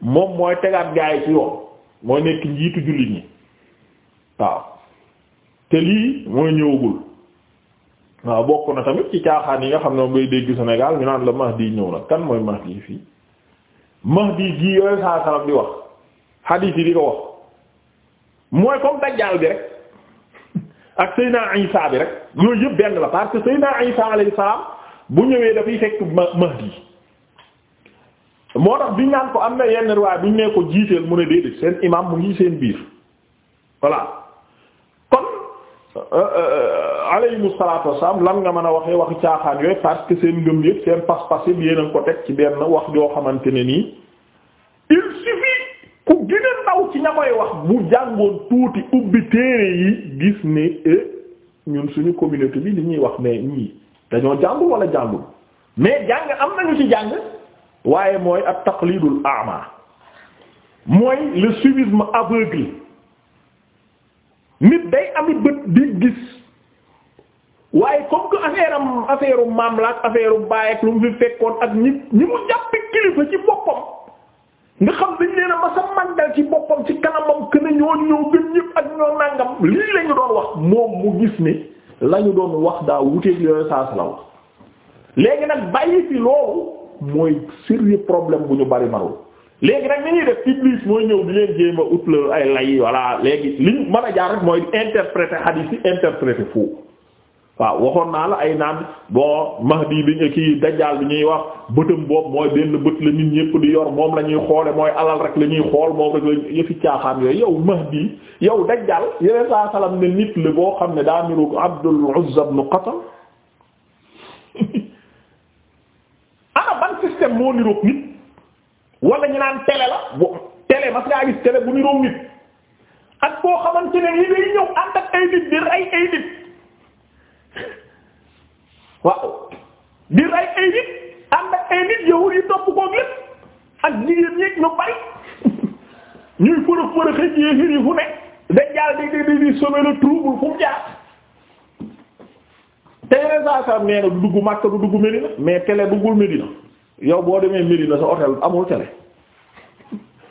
moom mooy tegaat gaa yi ci yoon mooy nekk njiitu jullit ñi waaw te lii mooy ñëwagul waaw bokk na tamit ci caaxaan yi nga xam ne moom ngay dégg Sénégal ñu naan la Mahdi ñëw na kan mooy Mahdi fii Mahdi gii yooyu saa salam di wax hadith yi di ko wax mooy comme dajjaal bi rek ak naa Isa bi rek yooyu yëpp benn la parce que Seyna Isa alayhi salaam bu ñëwee dafay fekk Mahdi moo tax bi ñaan ko am na yenn riwaay bu ñu nee ko jiiteel mu ne déedéet seen imam mu ngi seen biir voilà kon euh, euh, alayhimu salaatu wassalaam lan nga mën a waxee waxi caaxaan yooyu parce que seen ngëm yëpp seen pas-pas yëpp ko teg ci benn wax joo xamante ne nii il suffit ku wax bu jàngoon tuuti ubbi téere yi gis ne e, ñun suñu communauté bi li ñuy wax mais dañoo jàngul wala jàngul mais jàng am nañu ci jàng waaye mooy at taqlidul a'ma mooy le suivisme aveugle nit day amit bët di gis waaye comme que affaire am maam la ak affaire u baay ak lu mu fi fekkoon ak ñi ñi mu jàppe kilifa ci boppam nga xam dañ leen a ma sa mandal ci boppam ci kanamam que ne ñoo gën ñëpp ak ñoo nàngam lii la doon wax moom mu gis ne la doon wax daa wuteeg yooyu saa la wax léegi nag bàyyi fi loolu mooy sérieux problème bu ñu bari manul léegi nag ni ñuy def Iblis mooy ñëw di leen jéema utlal ay lay voilà léegi li mën a jaar rek mooy interpréter hadith yi interpréter foofu waaw waxoon naa la ay naan bon Mahdi bi ñu kii dajaal bi ñuy wax bëtam boobu mooy benn bët la nit ñépp di yor moom la ñuy xoole mooy alal rek la ñuy xool moom rek la yëfi caaxaan yooyu yow Mahdi yow Dajjal yeneen saa salaam ne nit la boo xam ne daa niru Abdul Uzza ibn Qatal ana ban système moo niroog nit wala ñu naan télé la bu télé mas ngaa gis télé bu niroog nit ak boo xamante ne yi day ñëw ànd ak ay nit di rey ay nit waaw di rey ay nit ànd ay nit yow yi topp koog lépp ak jigéen ñeeg ñu bari ñuy fërëf fërëxee jéexir yi fu ne dañ jaar di di di di semer le trouble fu mu jaar te yeneen saa saa nee na du dugg Makka du dugg Medina mais télé duggul Medina yow boo demee Medina sa hôtel amul télé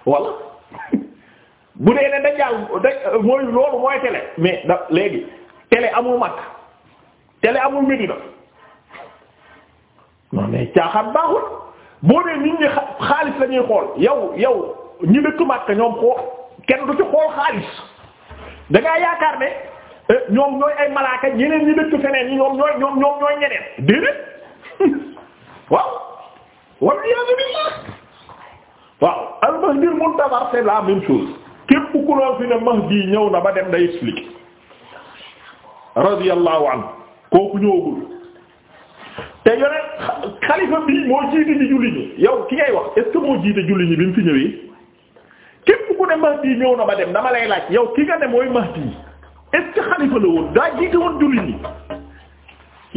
walla bu dee ne dajal da mooy loolu mooy télé mais da léegi télé amul Makka télé amul Medina non mais caaxaan baaxul boo dee nit ñi xaalis la xool yow yow ñi dëkk Makka ñoom xoo kenn du ci xool xaalis da yaakaar ne. ñoom ñooy ay malaaka yeneen ñi dëkk feneen ñi ñoom ñooy ñoom ñoom ñooy ñeneen déedéet waaw walla iyaazu waaw al mahdir muntazar c'est la même ku la fi ne mahdi ñëw na ba dem day expliquer radiyallahu anhu kooku ñëwagul te yore xalifa bi moo jiite ñi julli ñi yow ki ngay wax est-ce que moo jiite julli ñi bi mu fi ñëwee képp ku ne mahdi ñëw na ba dem dama lay laaj yow ki nga ne mooy mahdi est xalifa la woon daa jiite woon jullit ñi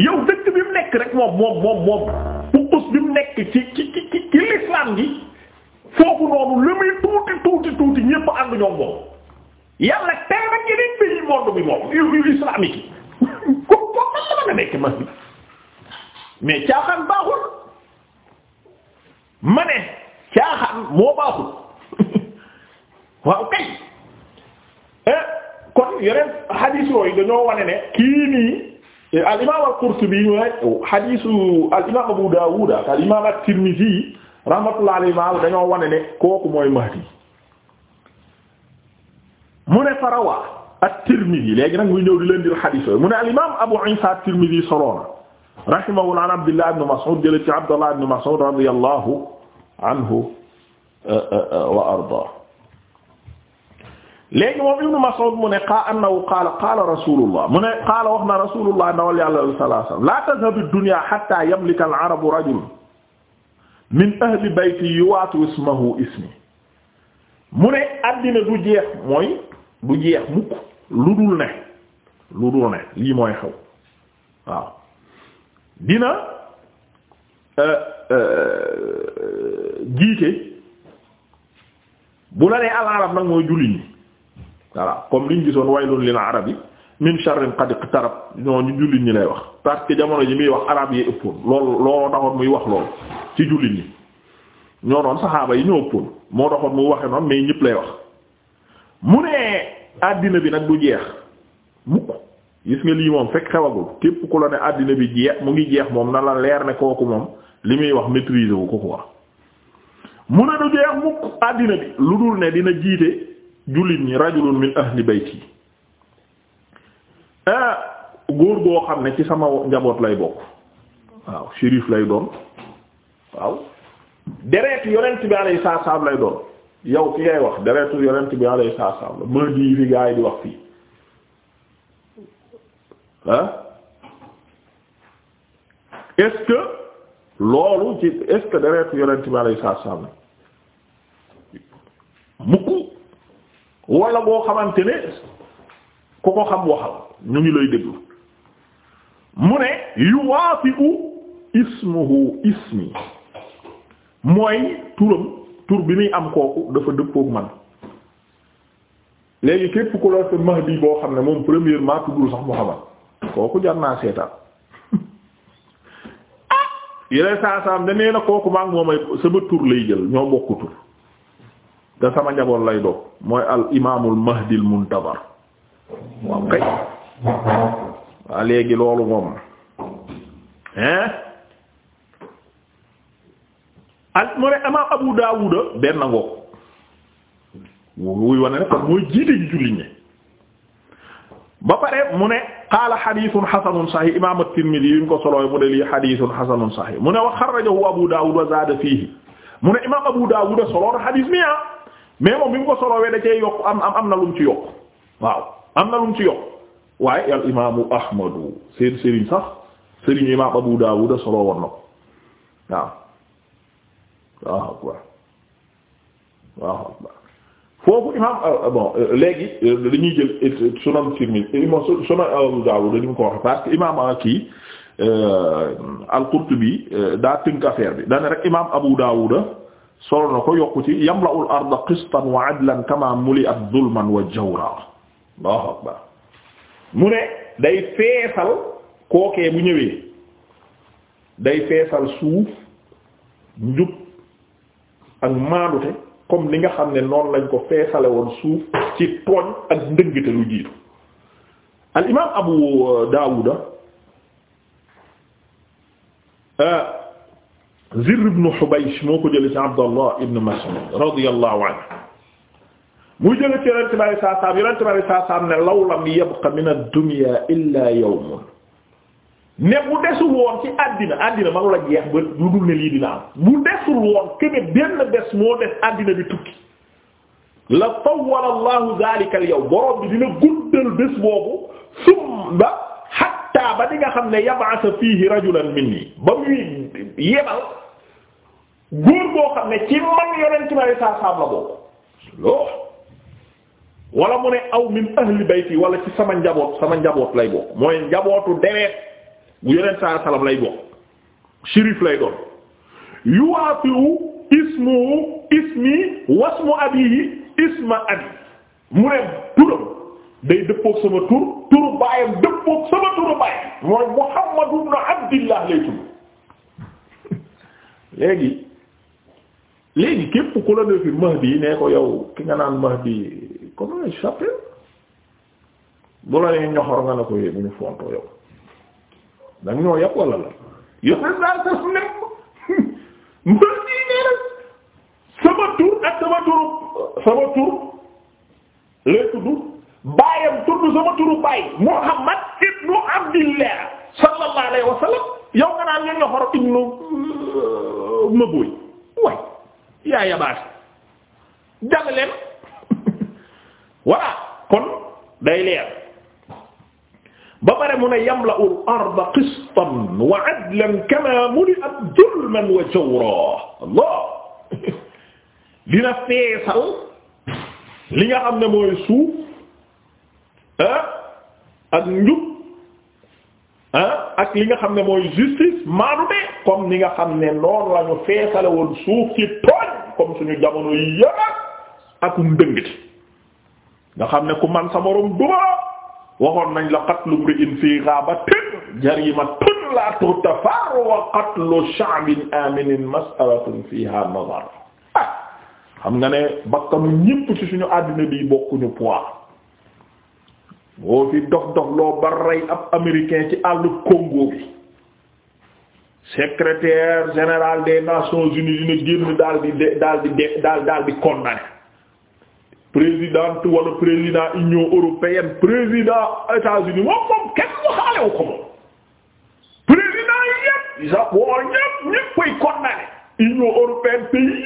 yow dëkk bi mu nekk rek moom moom moom moom pupus bi mu nekk ci ci ci ci l'islam gi foofu noonu lu muy tuuti tuuti tuuti ñépp ànd ñoom moom yàlla teel na yeneen pays monde bi moom yu islamique yi ko ko la mën a nekk mas mais caaxaan baaxul ma ne caaxaan moo baaxul waaw kay eh, kon yeneen hadith yooyu dañoo wane ne kii nii al imaam al Qurtubi ñu ne hadithu al imaam Abu Dawud ak al imaam at-Tirmidhi rahmatullahi alayhi dañoo wane ne kooku mooy Mahdi mu ne Farawa at-Tirmidhi léegi nag muy ñëw di leen di hadith yooyu mu ne al imaam Abu Isa at-Tirmidhi soloona rahimahullah an Abdullah ibn Mas'ud jële ci Abdullah ibn Mas'ud radiyallahu anhu wa arda léegi moom Ibnu Mas'ud mu ne qaa annahu qaala qaala rasulullah mu ne qaala wax na rasulullah ndawal yàlla sallallahu alayhi wasallam laa tadhabu ad-dunya hatta yamlika al-arabu rajul min ahli bayti yuwaatu ismahu ismi mu ne àddina du jeex mooy du jeex mukk lu dul ne lu dul ne lii mooy xew waaw dina euh, euh, jiite bu la nee al-arab nag mooy jullit ñi voilà comme li liñ gisoon waylun lil arabi min sharrin qad iqtarab ñu jullit ñi lay wax parce que jamono ji muy wax arab yi ëppoon loolu looloo taxoon muy wax loolu ci jullit ñi ñoo doon saxaaba yi ñoo ëppoon moo taxoon mu waxe noonu mais ñëpp lay wax mu ne àddina bi nag du jeex mukk gis nga lii moom fekk xewagul képp ku la ne àddina bi jeex mu ngi jeex moom na la leer ne kooku moom li muy wax maîtriser wu ko quoi mu ne du jeex mukk àddina bi dina jiite jullit ñi rajulun min ahli bayti ah góor goo xam ne ci sama njaboot lay bokk waaw shérif lay doon waaw deretu yonent bi alayhi salaam lay doon yow ki ngay wax deretu yonent bi alayhi salaam la ma di fi gaa yi di wax fii ah est loolu ci est-ce que deretu yonent bi alayhi salaam la mukk wala boo xamante ne ku ko xam waxal ñu ngi lay déglu mu ne yuwaafiu ismuhu ismi mooy turam tur bi nuy am kooku dafa dëppook man léegi képp ku la sa mahdi boo xam ne moom premièrement tuddul sax Muhammad kooku jar naa seetaan ah yeneen saa saa am na kooku maa ngi moom sama tur lay jël ñoo bokk tur te sama njaboot lay doog mooy al imaamul mahdil muntazar waaw kay waa léegi loolu moom hein al mu ne imaam abu daawuda benn ngoog wuy wane ne kon mooy jiite ji julli ñi ba pare mu ne qaala xadiisun xasanun saxiix imaam at-Tirmidi yi ñu ko solooy mu ne lii xadiisun xasanun saxiix mu ne wa xarrajahu abu daawud wa fiihi mu ne imaam abu daawud soloon xadiis mi ah mais moom bi mu ko solowee da cee yokk am am am na lu ci yokk waaw am na lu ci yokk waaye al imaamu ahmadu seen sëriñ sax sëriñ imaam abu daawuda solo woon na ko waaw waaw akbar foofu imaam euh, euh, bon euh, léegi dañuy jël sunan tirmidhi sunan abu daawuda ni mu ko wax parce que imaam a al qurtubi daa tënk affaire bi daane rek imaam abu daawuda solo na ko yokkuti ci yamla'ul arda qistan wa adlan kama muli'at zulman wa jawra mu ne day feesal kookee bu ñëwee day feesal suuf njub ak maanute comme ni nga xam ne noonu lañ ko feesale woon suuf ci tooñ ak ndëngte lu jiitu al imaam Abu Daawuda euh, Zirr ibn Hubaysh moo ko jëlee ci Abdallah ibn Mas'ud radiyallahu anhu muy jëlee ci Yonent bi saa saam Yonent bi saa saam ne law lam yabqa min ad-dunya illa yawmun ne bu desul woon ci àddina àddina ma la jeex ba lu dul ne lii dina am bu desul woon kene benn bés moo des àddina bi tukki la tawwala Allahu dhalika al-yawm borom bi dina guddal bés boobu summa hatta ba di nga xam ne yab'atha fiihi rajulan minni ba muy yebal. góor boo xam ne ci man yonent ci may saa la bokk lool wala mu ne aw min ahli bayti wala ci sama njaboot sama njaboot lay bokk mooy njabootu deret bu yonent saa lay bokk shérif lay doon yuwaafiu ismu ismi wasmu abihi isma abi mu ne turam day dëppook sama tur turu baayam dëppook sama turu baayam mooy muhammadu ibn abdillah lay tudd léegi léegi képp ku la defi Mahdi yi nee ko yow ki nga naan Mahdi comment il s'appelle bu la nee ñoxor nga ne ko yooyu bu ñu fontoo yow danga ñoo yàpp walla la yow daal sa nekk Mahdi yi nee nag sama tur ak sama turu sama tur baayam tudd sama turu baay Muhammad ibnu Abdillah sallallahu alayhi wa sallam nga naan ñu ñoxor ibnu euh, Maboy yaa yabaate jàng leen voilà kon day leer ba pare mu ne yamla'u al-arda qistan wa 'adlan kama muli'at zulman wa jawra Allah dina feesal li nga xam ne mooy suuf ah ak njub ah ak li nga xam ne mooy justice maanute comme ni nga xam ne noonu la ñu feesale woon suuf ci tooñ comme suñu jamono yi yëpp ak ndëngati nga xam ne ku man sa morom duma waxoon nañ la qatlu mri'in fii ghaabatin jarimatun laa tughtafaru wa qatlu sha'bin aminin mas'alatun fiha nazar ah xam nga ne bakkanu ñépp ci suñu àddina bi bokkuñu poids boo fi dox dox loo ba rey ab américain ci àll Congo bi secrétaire général des Nations Unies dina génn daal di de daal di de daal di condamné présidente wala président Union européenne président États-Unis moom moom kenn mu xaalewu président Union européenne pays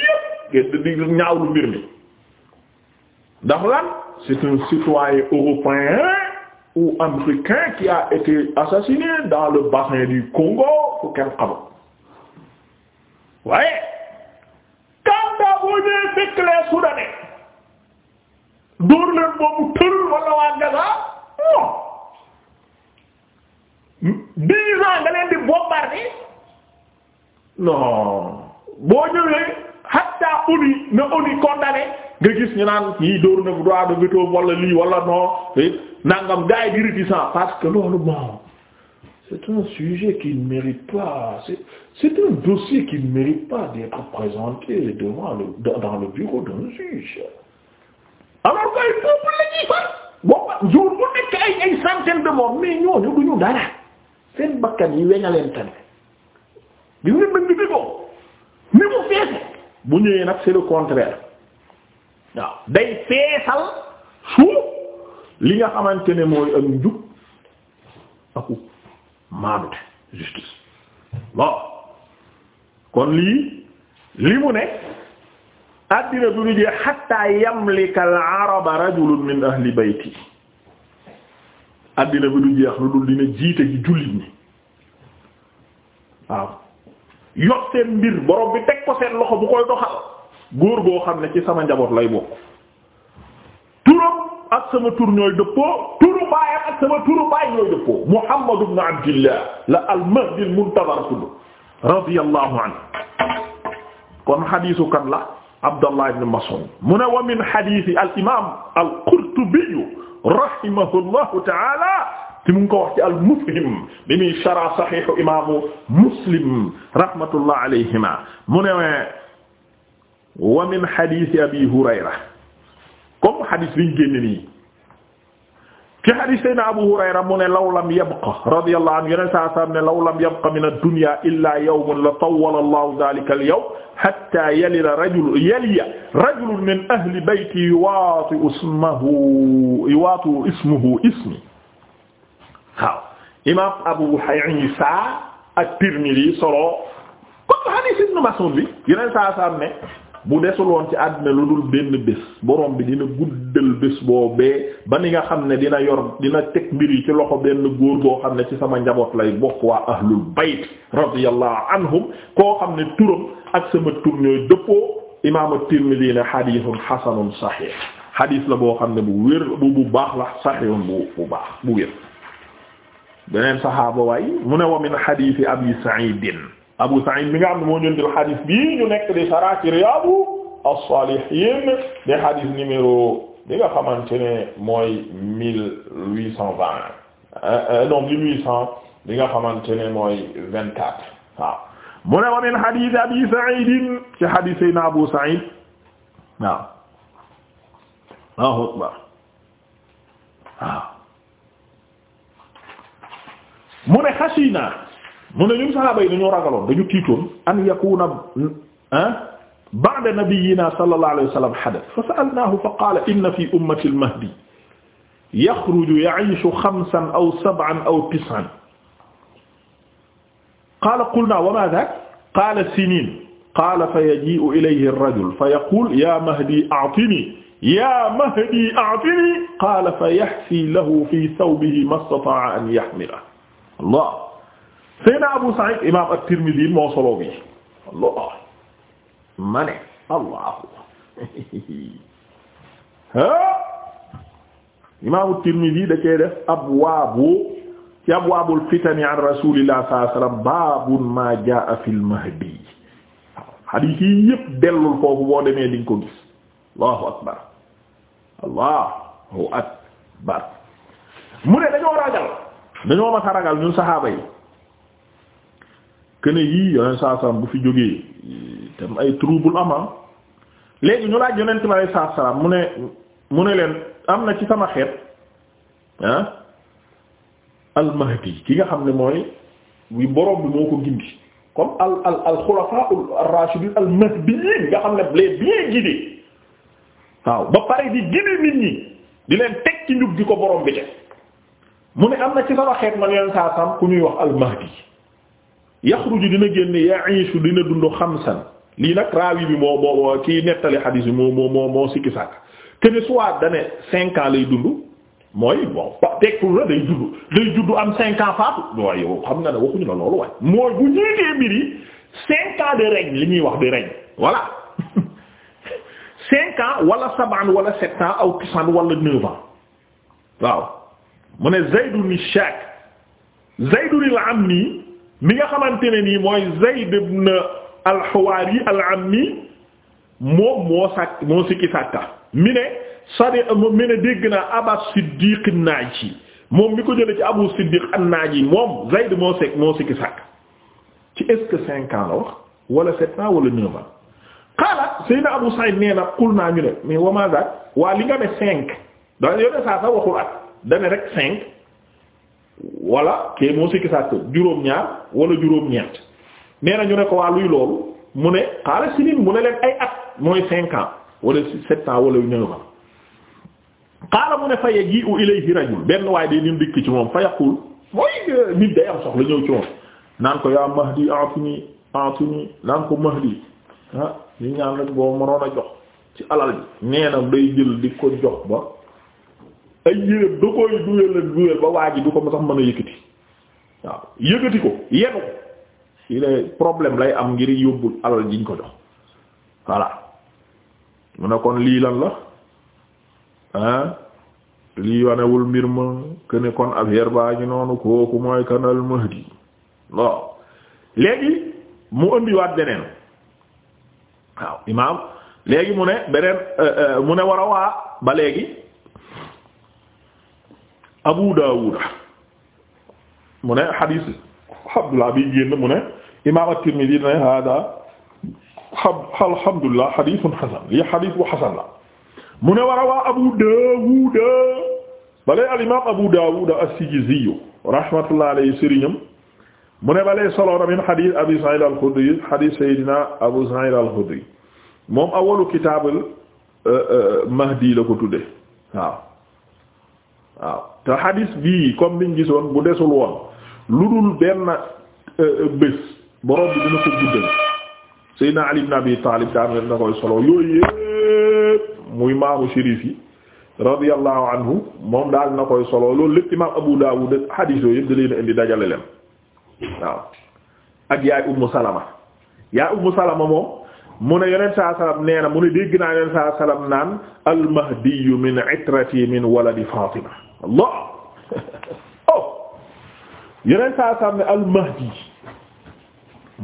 yépp gén di ñaawlu mbir mi ndax lan c'est un citoyen européen ou africain qui a été assassiné dans le bassin du Congo fu kenn xamul waaye kanta boo boobu tël wala waa Gaza non dix nga leen di bombarder non boo ñëwee hatta ONU na ONU condamné nga gis ñu naan ñii dóor na droit de veto wala lii wala non nangam gars yi di réticent parce que loolu bon c'est un sujet qui ne mérite pas c'est c'est un dossier qui ne mérite pas d'être présenté devant le dans le bureau d'un juge alors que ay boobu la ñuy far jour bu nekk ay ay centaines de morts mais ñooñu du ñu dara seen bakkan yi weñaleen tamit di nga mën di déggoo ni mu feese bu ñëwee nag c'est le contraire waaw day feesal suuf. li nga xamante ne mooy ak njub aku maanute justice bon kon lii li mu ne addina du ñu jee hatta yamlika al araba rajulun min ahli bayti addina bi du jeex lu dul dina jiite ji jullit ñi waaw yor seen mbir borom bi teg ko seen loxo bu koy doxal góor boo xam ne ci sama njaboot lay bokk ak sama tur ñooy dëppoo turu baayam ak sama turu baay ñooy dëppoo Muhammad ibn Abdillah la al-Mahdi al-Muntazar tudd radiyallahu anhu kon xadiisu kan la Abdallah ibn Mas'ud mu ne wa min xadiisi al-imaam al-Qurtubi rahimahullahu ta'ala ci mu ngi ko wax ci al-Mufhim bi muy shara saxiixu imaamu Muslim rahmatullah alayhima mu ne wa min xadiisi Abi Hurayra comme xadis liñ génn nii ci xadis sayna Abu Hurayra mu ne law lam yabqa radiyallahu anhu yeneen saa saam ne law lam yabqa min ad-dunya illa yawmun la tawwala Allahu dhalika al-yawm hatta yalila rajulun yaliya rajulun min ahli bayti yuwaati'u ismahu yuwaati'u ismuhu ismi waaw imaam Abu Isa ak Tirmidhi solo comme xadis Ibn Mas'ud bi yeneen saa saam ne. bu desul woon ci àddina lu dul benn bés borom bi dina guddal bés boobee ba ni nga xam ne dina yor dina teg mbir yi ci loxo benn góor boo xam ne ci sama njaboot lay bokk waa ahlul bayt radiyallahu anhum koo xam ne turam ak sama tur ñooy dëppoo imaam at-Tirmidhi ne xadiisun xasanun saxiix xadiis la boo xam ne bu wér bu bu baax la saxiixun bu bu baax bu wér beneen saxaaba waay mu ne wa min xadiisi abi Sa'iid Abu Sa'id bi nga xam ne moo ñëndil xadis bii nekk di sara ci Riyadu as-Salihin de xadis numéro bi nga xamante ne mooy mille huit cent vingt euh, non mille huit cent bi nga xamante ne mooy vingt quatre ne wa min xadis Abi Sa'id ci xadis Seydina Abu Sa'id waaw Allahu akbar waaw mu ne mu ne ñun saxaaba yi dañoo ragaloon dañu tiitoon an yakuna ah, ba'da nabiyyina sallallahu alayhi wa sallam hadath fa sa'alnahu fa qala inna fi ummati al-mahdi yaxruju ya'ishu xamsan aw sab'an aw tis'an qaala qulna wa ma dhaak qaala siniin qaala fa yaji'u ilayhi ar-rajul fa yaqul ya mahdi a'tini ya mahdi a'tini qaala fa yahsi lahu fi thawbihi ma istata'a an yahmilahu Allah Seydina Abu Sa'id imaam at-Tirmidhi moo solo bi Allah ma ne Allahu ha imaam at-Tirmidhi da cee def abwaabu ci abwaabul fitani an Rasulillah sallallahu alayhi wasallam baabun maa jaa'a fil mahdi hadith yi yépp dellul foofu boo demee di nga ko gis Allahu akbar Allahu akbar mu ne dañoo ragal dañoo mas a ragal ñun saxaaba yi. këne yii yoneen saasam bu fi jógee tam ay trouble ama ah. léegi ñu laa yonent bi alei salaatu salaam mu ne mu ne leen am na ci sama xeet ah al-Mahdi ki nga xam ne mooy wi borom bi moo ko gindi comme al al al xulafaa ar-rashidin al-mahdiyyin nga xam ne les bien guidés waaw ba pare di gindi nit ñi di leen teg ci njub di ko borom bi def mu ne am na ci sama xeet man yoneen saasam ku ñuy wax al-Mahdi yaxruju dina génne ya'iishu dina dund xamsan lii nag raawi bi moo moo kii nettali xadiis bi moo moo moo moo sikki sàkk te soit dane cinq ans lay dund mooy bon tekkul la day judd day judd am cinq ans faatu waaye xam nga ne waxuñu la loolu waaye mooy bu ñiitee mbir yi de règne li ñuy wax de règne voilà cinq ans wala saban wala sept ans aw tisan wala neuf ans waaw mu ne Zaydun Shak Zaydun al-Ammi mi nga xamante ne nii mooy Zayd ibn al-Huwaari al-Ammi moom moo sàkk moo sikki sàkka mi ne sade mi ne dégg naa Aba Siddiq an-Naaji moom mi ko jële ci Abu Siddiq naaj yi moom Zayd moo sekk moo sikki sàkk ci est-ce que cinq ans wax wala sept ans wala neuf ans qaala Abu Saïd nee na naa ñu ne mais wa maa zaak waa li nga ne cinq da yone saa sa waxul at dane rek cinq wala kay moo sikki sàkk juróom-ñaar wala juróom-ñeent nee na ñu ne ko waa luy loolu mu ne xaala sinin mu ne leen ay at mooy cinq ans wala sept ans wala ñëw ma xaala mu ne fa u ilayhi rajul benn waaye day nim dikk ci moom fa yaqul mooy nit day am soxla ñëw ci moom naan ko yaa mahdi atini atini naan ko mahdi ah ñu ñaan rek boo mënoon a jox ci alal ji nee na day jël di ko jox ba ay yéreem da koy duyal la duyal ba waa ji du ko sax mën a yëkkati waaw yëkkati ko yenu ko ci lay problème lay am ngir yóbbul alal jiñ ko jox voilà mu ne kon lii lan la ah lii wanewul mbir ma que ne kon affaire baa ñu noonu kooku mooy kanal mahdi waaw léegi mu indiwaat beneen waaw imaam léegi mu ne beneen euh, euh, mu ne war a waa ba léegi Abu Daawuda mu ne xadis Abdullah bi génn mu ne imaam at-Tirmidhi ne hada alhamdulillah xadisun xasan lii xadis bu xasan la mu ne war a waa Abu Daawuda balee al-imaam Abu Daawuda as-Sijizi rahmatullah alayhi sëriñam mu ne balee soloona min xadis Abi Sa'id al-Khudri xadis Seydina Abu Sa'id al-Khudri moom awalu kitaabul euh, euh, Mahdi la ko tudde waaw waaw te hadis bii comme niñ gisoon bu desul woon lu dul benn euh, euh, bés borom bi dina ko guddal Seydina Ali ibn Abi Talib daan na koy solo yooyu yëpp muy maamu shérif yi radiyallahu anhu moom daal na koy solo loolu lépp imaam Abu Dawud hadis yooyu yëpp da leen indi dajale leen waaw ak yaay Ummu Salama yaay Ummu Salama moom mu ne yonent saa salaam nee na mu ne dégg naa yonent saa salaam naan al min itrati min waladi Fatima allah oh yeneen saa saam ne almahdi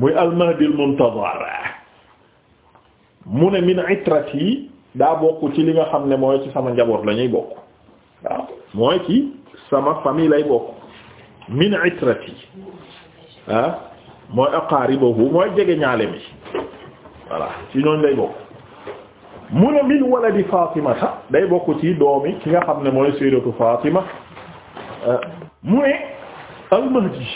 muy almahdi almuntazar mu ne min itrati daa bokk ci li nga xam ne mooy ci sama njaboot la bokk waaw mooy ci sama famille lay bokk min itrati ah mooy aqaribuhu mooy jege ñaale mi voilà ci ñooñ lay bokk mu ne min waladi sax day bokk ci doomi ki nga xam ne mooy sayyidatu Fatima euh, mu ne al-Mahdi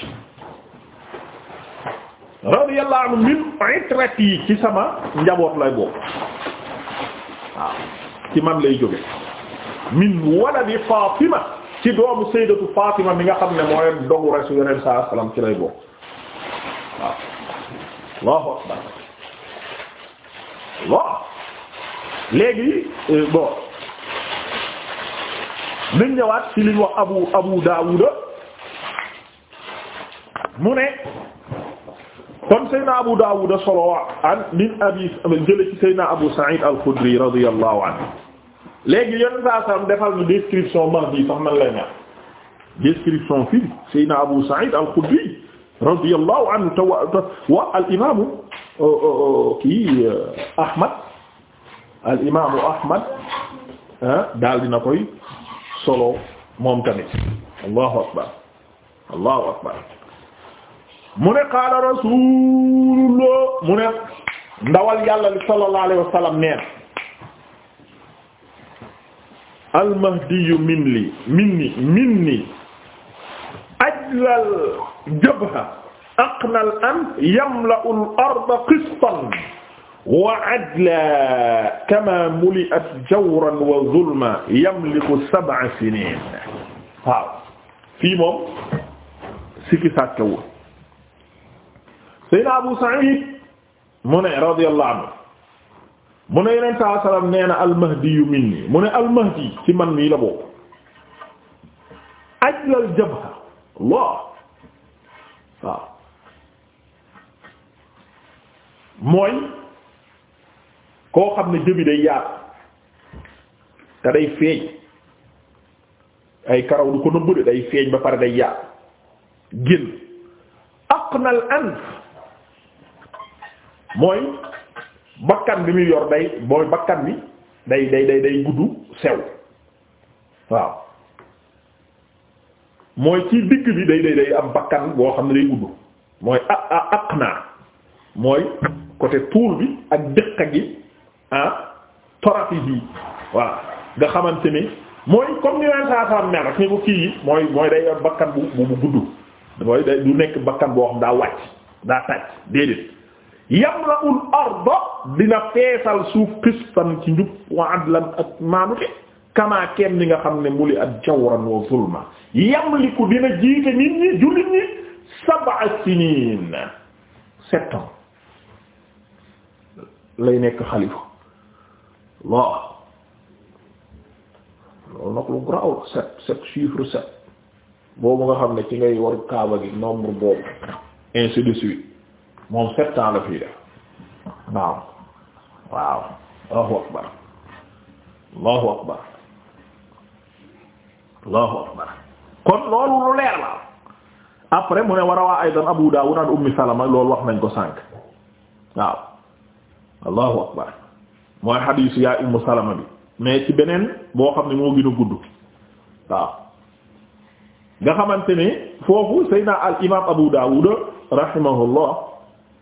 radiyallahu anhu min itrati ci sama njaboot lay bokk waaw ci man lay jóge min waladi Fatima ci doomu sayyidatu Fatima mi nga xam ne mooy dogu Rasul sallallahu alayhi wasallam ci lay bokk waaw Allahu akbar Allah léegi euh, bon nañ ñëwaat ci liñ wax abu abu mu ne kon Seydina abu daawuda solo an min abi jële ci Seydina abu sa'id al-Khudri radiyallahu anhu léegi yenn saa sam defal ñu description Mahdi sax man lay ñaan description fii Seydina abu sa'id al-Khudri radiyallahu anhu te wa al imaamu euh, euh, kii Ahmad al imaamu Ahmad ah, daal dina koy solo moom tamit allahu akbar allahu akbar mu ne qaala rasulullah mu ne ndawal yàlla li sallallahu alayhi wa sallam neen almahdiyu min li minni minni ajlal jabha aqnal an yamla'u al arda qistan wa adla kama muli'at jawran wa zulma yamliku sab'a sinin waaw fii moom sikki sàkkewul Seydina Abu Sa'id mu ne radiyallahu anhu mu ne yeneen saa salaam nee na almahdi yu minni mu ne almahdi ci man mii la boobu ajlal jabha Allah waaw mooy koo xam ne jëbi day yaatu te day feeñ ay karaw du ko nëbb de day feeñ ba pare day yaatu génn aqnal anf mooy bakkan bi muy yor day mooy bakkan bi day day day day gudd sew waaw mooy ci digg bi day day day am bakkan boo xam ne day gudd mooy a a aqna mooy côté tuul bi ak dëkk gi ah torafihi voilà nga xamante ni mooy comme ni leen saa saa rek ni ko kii yi mooy mooy day bakkan bu bu gudd mooy day du nekk bakkan boo xam daa wàcc daa tàcc déedéet yamla'ul arda dina feesal suuf qistan ci njub wa adlan ak maanute kamaa kenn ni nga xam ne muli ak jawran wa zulma yamliku dina jiite nit ñi jullit ñi sab'a sinin sept lay nekk xalifa lool loolu nag lu graw la sept sept chiffre sept boobu nga xam ne ci ngay war kaaba gi nombre boobu ainsi de suite moom sept ans la fii def waaw allahu akbar allahu akbar allahu akbar kon loolu lu leer la après mu ne war a waa aydan Abu Dawud an Ummi Salama loolu wax nañ ko sànq waaw allahu akbar mooy xadiisu yaay ummu salama bi mais ci beneen boo xam ne moo gën a gudd xamante ni foofu sayna al imam abu daawuda rahimahullah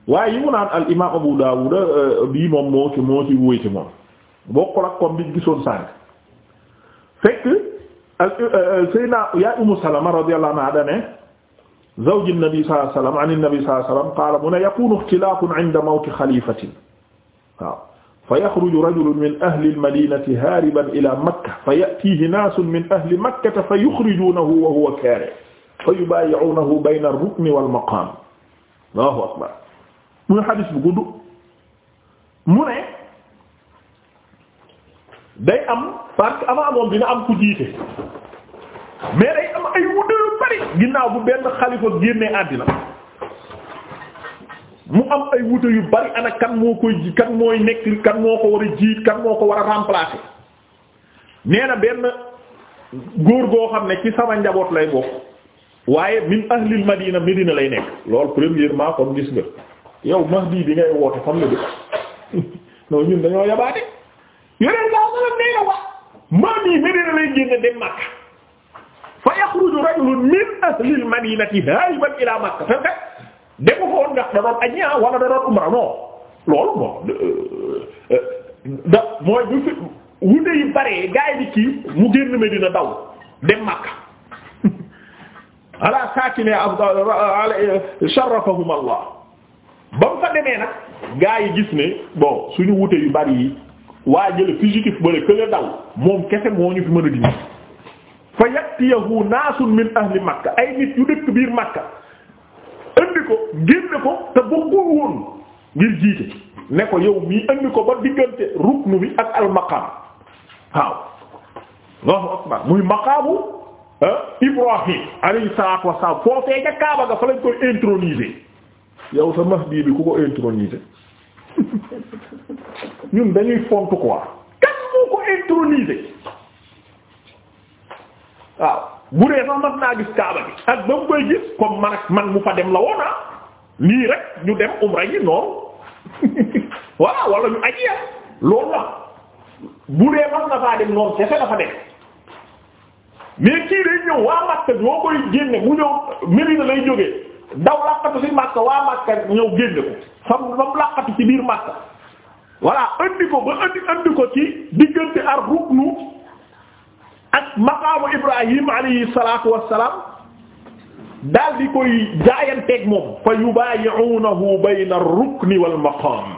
waaye yi mu naan al imam abu daawuda euh, bii moom moo ci moo moom bokkul ak bi gisoon sànq fekk euh, euh, sayna yaay ummu salama radiyallahu anha dane zawji nabi sallallahu alayhi wasallam an nabi sallallahu alayhi mu ne yakunu ixtilaafun inda mawti xalifatin fa yaxruju rajulun min ahli almadinati haariban ila makka fa yatiihi naasun min ahli makkata fa yuxrijuunahu wa huwa kaare fa yubaayi'uunahu bayna ar-rukni wal maqaam Allahu akbar muy xadis bu gudd mu ne day am parce que avant moom dina am ku jiite mais day am ay wuute yu bari ginnaaw bu benn xalifa génnee àddina mu am ay wute yu bari ana kan moo koy ji kan mooy nekk kan moo ko war a jiit kan moo ko war a remplacer nee benn góor goo xam ne ci sama njaboot lay bokk waaye min ahlil madina medina lay nekk loolu premièrement kon gis nga yow mahdi bi ngay woote fan la dëkk non ñun dañoo yabaate yeneen saa salam nee wax mahdi medina lay génne dem Makka fa yaxruju rajulun min ahlil madinati haayiban ila Makka dégg ko woon ndax da doon aji ah wala da doon umra non loolu bon euh, euh, da mooy bu fi wute yi baree gaa yi di kii mu génn Medina daw dem Makka ala saakine afdal euh, sharafahum Allah ba mu fa demee nag gaa yi gis ne bon suñu wute yu bari yi waa jële fugitif bale kële daw moom kese moo ñu fi mën a dindi fa yatiyahu naasun min ahli Makka ay nit yu dëkk biir Makka andi ko génne ko te bokkul woon ngir jiite ne ko yow mii andi ko ba diggante ruknu bi ak almaqaam waaw Allahu akbar muy maqaamu ah, Ibrahim alayhi salaatu wassalaam foofee ca Kaaba ga fa lañ koy introniser yow sa mahdi bi ku ko introniser ñun dañuy fontu quoi kan moo ko introniser waaw bu dee sax naa gis kaaba bi ak ba mu koy gis comme man ak man mu fa dem la woon ah lii rek ñu dem umra ji noonu voilà wala ñu aji ah loolu la bu dee man na faa dem noonu kese dafa dem mais kii day ñëw waa Makka ñoo koy génne mu ñëw Medina lay jógee daw làqatu ci Makka waa Makka ñëw génne ko xam nga mu làqatu ci biir Makka voilà andi ko ba andi andi ko ci diggante ar ruknu maqaamu Ibrahim alayhi salaatu wassalaam daal di koy jaayanteeg moom fa yubaayi'uunahu bayna ar-rukni wal maqaam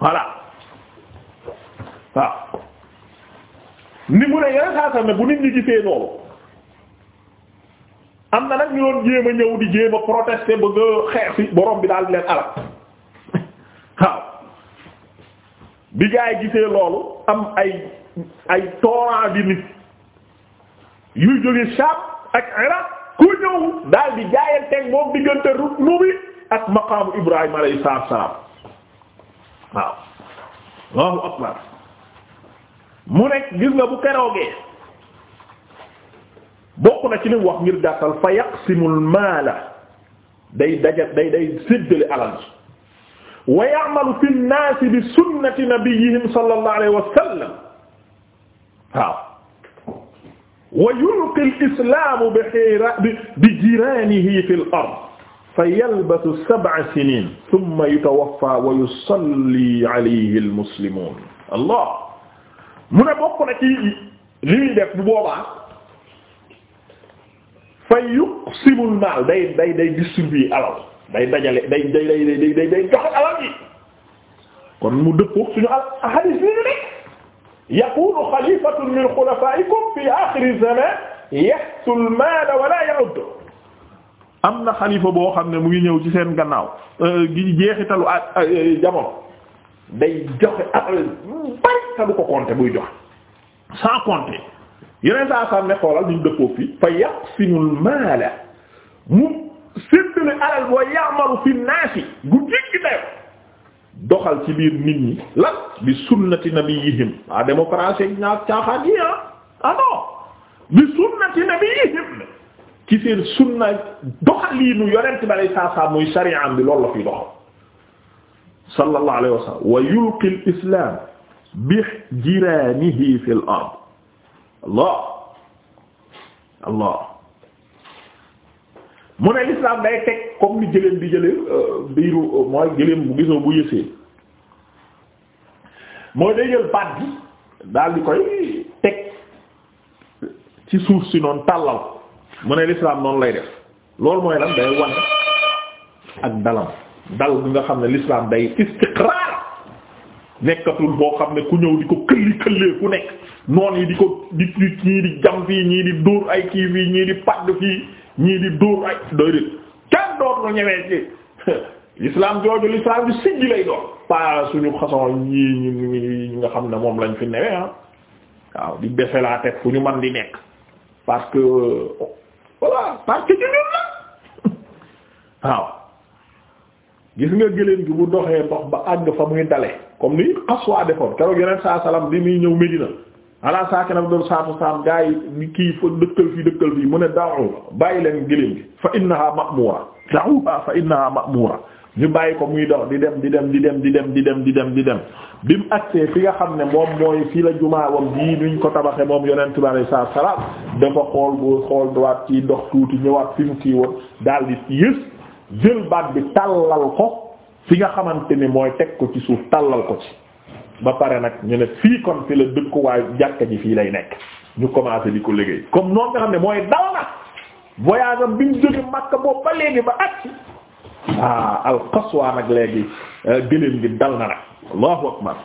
voilà waaw ni mu ne yeneen saa sax bu nit ñi gisee loolu am na nag ñu doon jéem a ñëw di jéem a protester bëgg a xeex ci borom bi daal di leen alal waaw. bi gaa yi gisee loolu am ay ay torrent di nit yuy jóge Sham ak Iraq ku ñëw daal di jaayanteeg moom diggante rut nu bi ak maqaamu Ibrahim alayhi salaam waaw Allahu akbar mu nekk gis nga bu keroogee bokk na ci li wax ngir gàttal fa yaqsimul maala day daja day day séddale alal wa ya'malu fi nnaasi bi sunnati nabiyyihim sallallahu alayhi wa sallam waaw wa yulqi al-islaamu bi jiraanihi fi al-ard fa yalbasu sab'a siniin summa yutawaffaa wa yusalli alayhi al-muslimuun allah mu ne bokk na ci li muy def bu boobaa fa yuqsimul maal day day day distribuer alal day dajale day day day day day joxe kon mu dëppoo suñu al hadith bi ñu ne yaqulu xalifatun min xulafaa'ikum fi aaxiri zamaan yahsul maala wa laa am na xalifa boo xam ne mu ngi ñëw ci seen gannaaw euh, gi jeexitalu at euh, jamono day joxe alal bari te du ko compter buy joxe sans compter yeneen saa saa xoolal ñu dëppoo fi fa yaqsimul maala mu séddale alal boo ya'malu fi naasi gu jéggi dayoo doxal ci biir nit ñi la bi sunnati nabiyihim waa démocratie ñaar caaxaan yi ah ah non bi sunnati nabiyihim ci seen sunna doxal yi nu yonent bi alay saa saa muy sariyaam bi loolu la fi doxal sallallahu alayhi wa sallam wa yulqi al islam bi jiraanihi fil ard allah allah mu ne l'islam day teg comme ni jëleem di jëlee euh, biiru euh, mooy jëleem bu gisoo bu yësee mooy day jël baat bi daal di koy teg ci suuf si noonu tàllal mu ne l'islam noonu lay def loolu mooy lan day wan ak dalam dal bi nga xam ne l'islam day istiqraar nekkatul boo xam ne ku ñëw di ko këlli këllee ku nekk noon yi di ko di ñii di jam fii ñii di dóor ay kii fii ñii di padd fii ñii di dóor ay doy dit kenn doon lu ñemee ci l'islam jooju l'islam bi siggi lay doon pas suñu façon yi ñi nga xam ne moom lañ fi newee ah waaw di defe laa teg fu man di nekk parce que voilà parce que ci ñun la waaw gis nga gëléem gi bu doxee dox ba àgg fa muy dale comme ni xaswaa defoon keroog yeneen saa salaam bi muy ñëw Medina ala saaki na doon saatu saam gaa yi kii fa dëkkal fii dëkkal fii mu ne daawu bàyyi leen gëléem gi fa innaha ma'mura da'uha fa ma ma'mura ñu bàyyi ko muy dox di dem di dem di dem di dem di dem di dem di dem bi mu agsee fi nga xam ne moom mooy fii la jumaawam bii nuñ ko tabaxee moom yonent bi alayhi salaatu salaam dafa xool bu xool dowaat ci dox tuuti ñëwaat fi mu kii woon daal di yës jël baat bi tàllal ko fi nga xamante ni mooy teg ko ci suuf tàllal ko ci ba pare nag ñu ne fii kon fi la dëkkuwaayu jàkka ji fii lay nekk ñu commencé di ko liggéey comme noonu nga xam ne mooy daw na voyage am bi ñu jóge boobu ba léegi ba agsi ah alqaswa nag léegi euh, gëléem gi dal na nag allahu akbar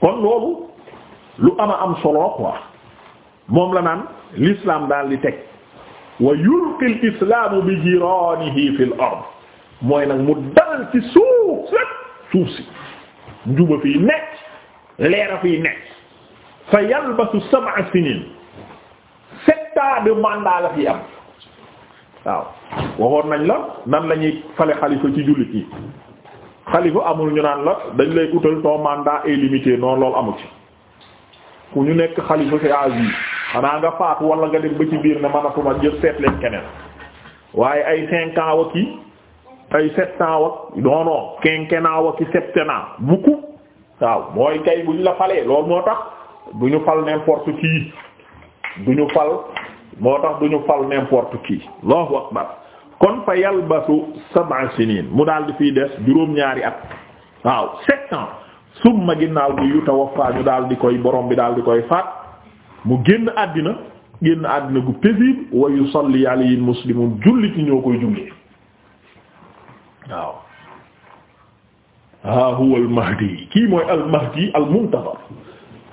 kon loolu lu ama am solo quoi moom la naan l'islam daal di teg wa yulqi l bi jiranihi fi ard mooy nag mu dalal ci suuf set suuf si njuba fiy ne leera fiy nekk fa yalbasu sab'a sinin sept ans de mandat la fi am waaw waxoon nañ la nan lañuy ñuy fale xalifa ci jullit yi xalifa amul ñu naan la dañ lay utal ton mandat est limité noonu loolu amu ku ñu nekk xalifa c'est à xanaa nga faatu wala nga dem ba ci biir ne manatuma jël seet leen keneen waaye ay cinq kii ay sept ans wak non non quinquennat wak septennat waaw mooy kay bu ñu la falee loolu moo tax du ñu fal n'importe qui du ñu fal moo tax du ñu fal n'importe qui Allahu akbar kon fa yalbasu sab'a sinin mu daal di fiy des juróom-ñaari at waaw sept ans ginnaaw bi yutawaffa ñu daal di koy borom bi daal di koy faat mu génn àddina génn àddina gu paisible wa yusalli alayhi muslimun julli ci ñoo koy jullee waaw ah huwa al mahdi kii mooy al mahdi al muntazar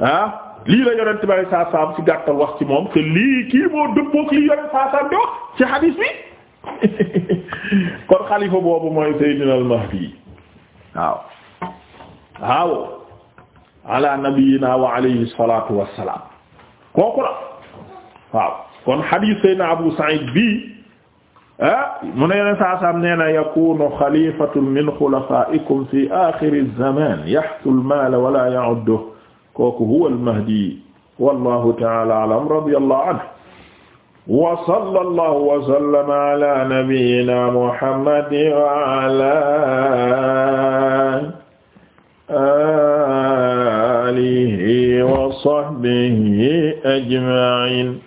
ah lii la yonent bi alayhi salaatu salaam ci gàttal wax ci moom te lii kii moo dëppook lii yonent saa saa di wax ci xadiis bi kon xalifa boobu mooy seydina al mahdi waaw waaw ala nabiyyina wa alayhi salaatu wassalaam kooku la waaw kon xadiis seydina abu sa'id bi ah mu ne yeneen saa saam nee na yakunu xalifatun min xulafaikum fi axiri zaman yaxtu almaal wala ya'uddu kooku huwa almahdi wallahu ta'ala a'lam radiyallahu anhu wa sallallahu wa sallama ala nabiyyina muhammadin wa ala alihi wa sahbihi ajma'in